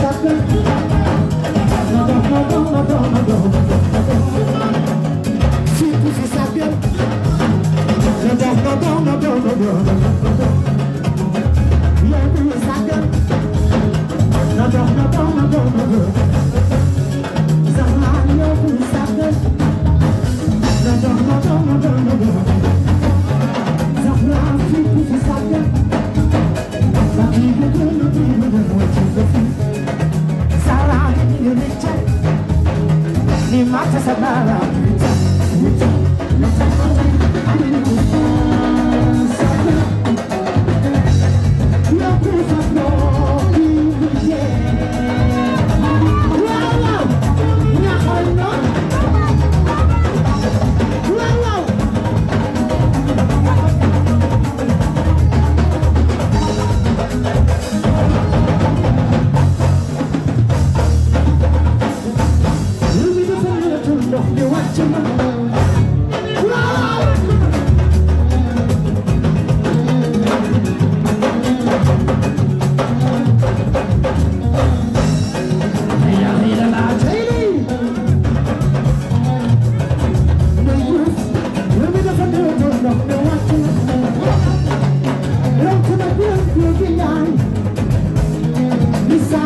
Thank you.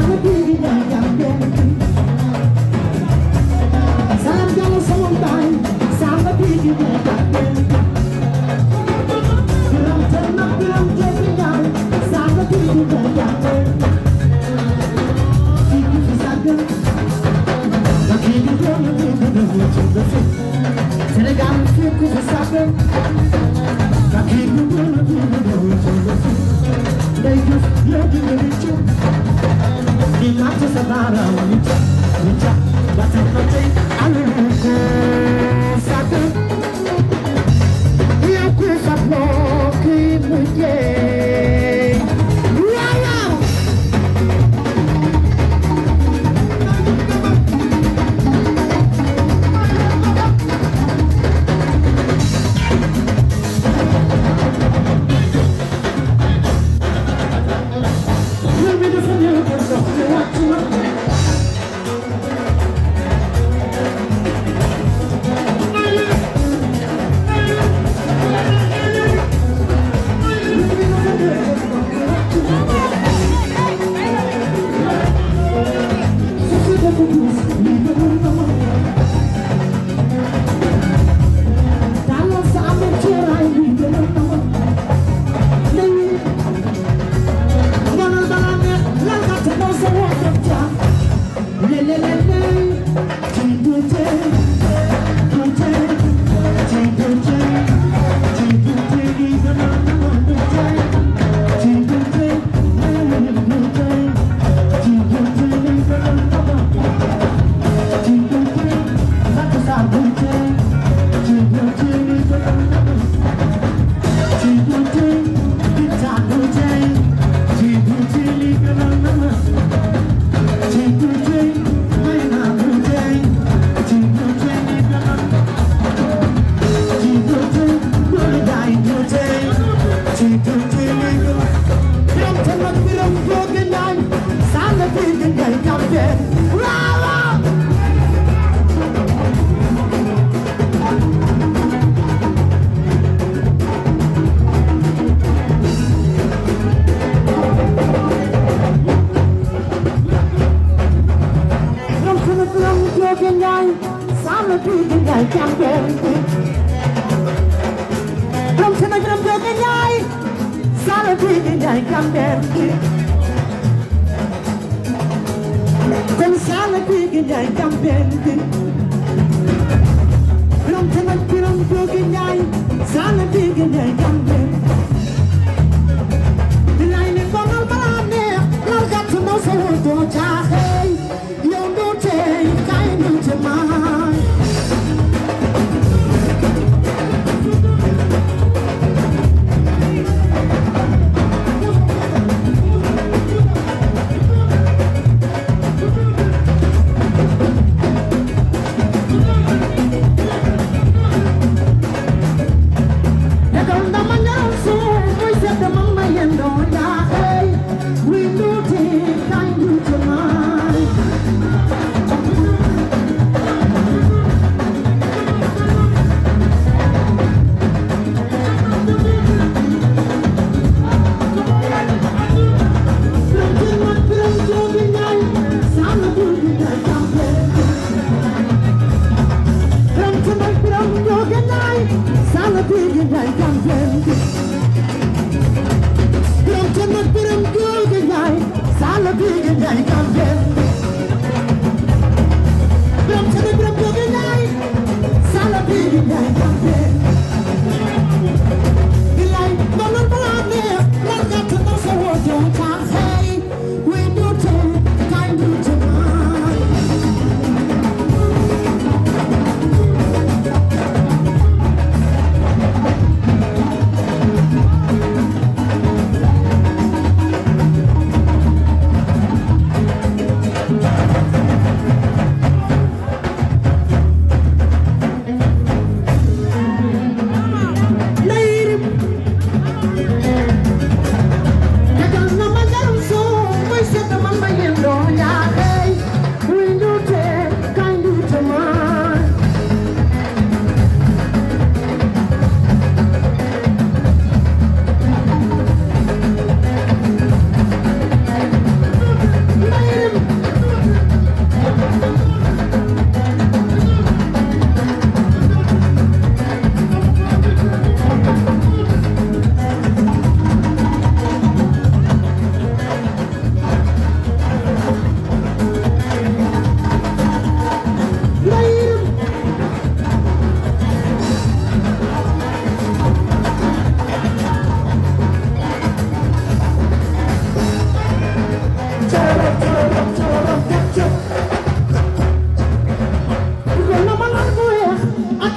I'm a mamy Pidigal Champion Rom sena gram joge ñaay Sala Pidigal Champion Kon Sala Pidigal Champion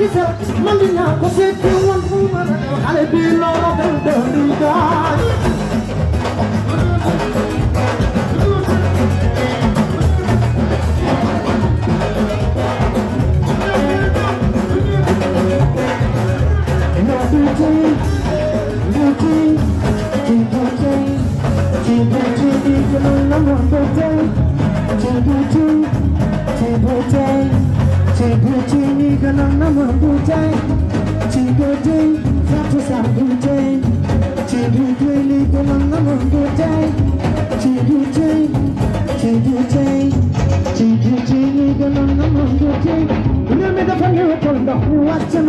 gisal man dinaa ko seeti woon fu ma xale bi loolu dem dem di gaay làm vui chơi chỉ đưa chơi ra cho sảng vui chơi chỉ đưa chơi đi cô mang nó làm vui chơi chỉ đưa chơi chỉ đưa chơi chỉ đưa chơi đi cô mang nó làm vui chơi đưa mẹ ta phân hữu còn đọc mua chân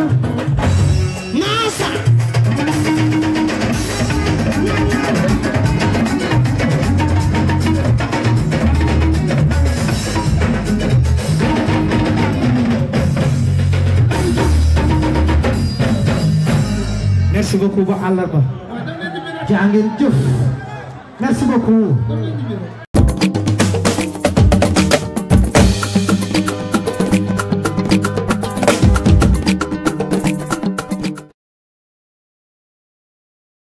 merci beaucoup ba àllarba jaa ngeen jëf merci beaucoup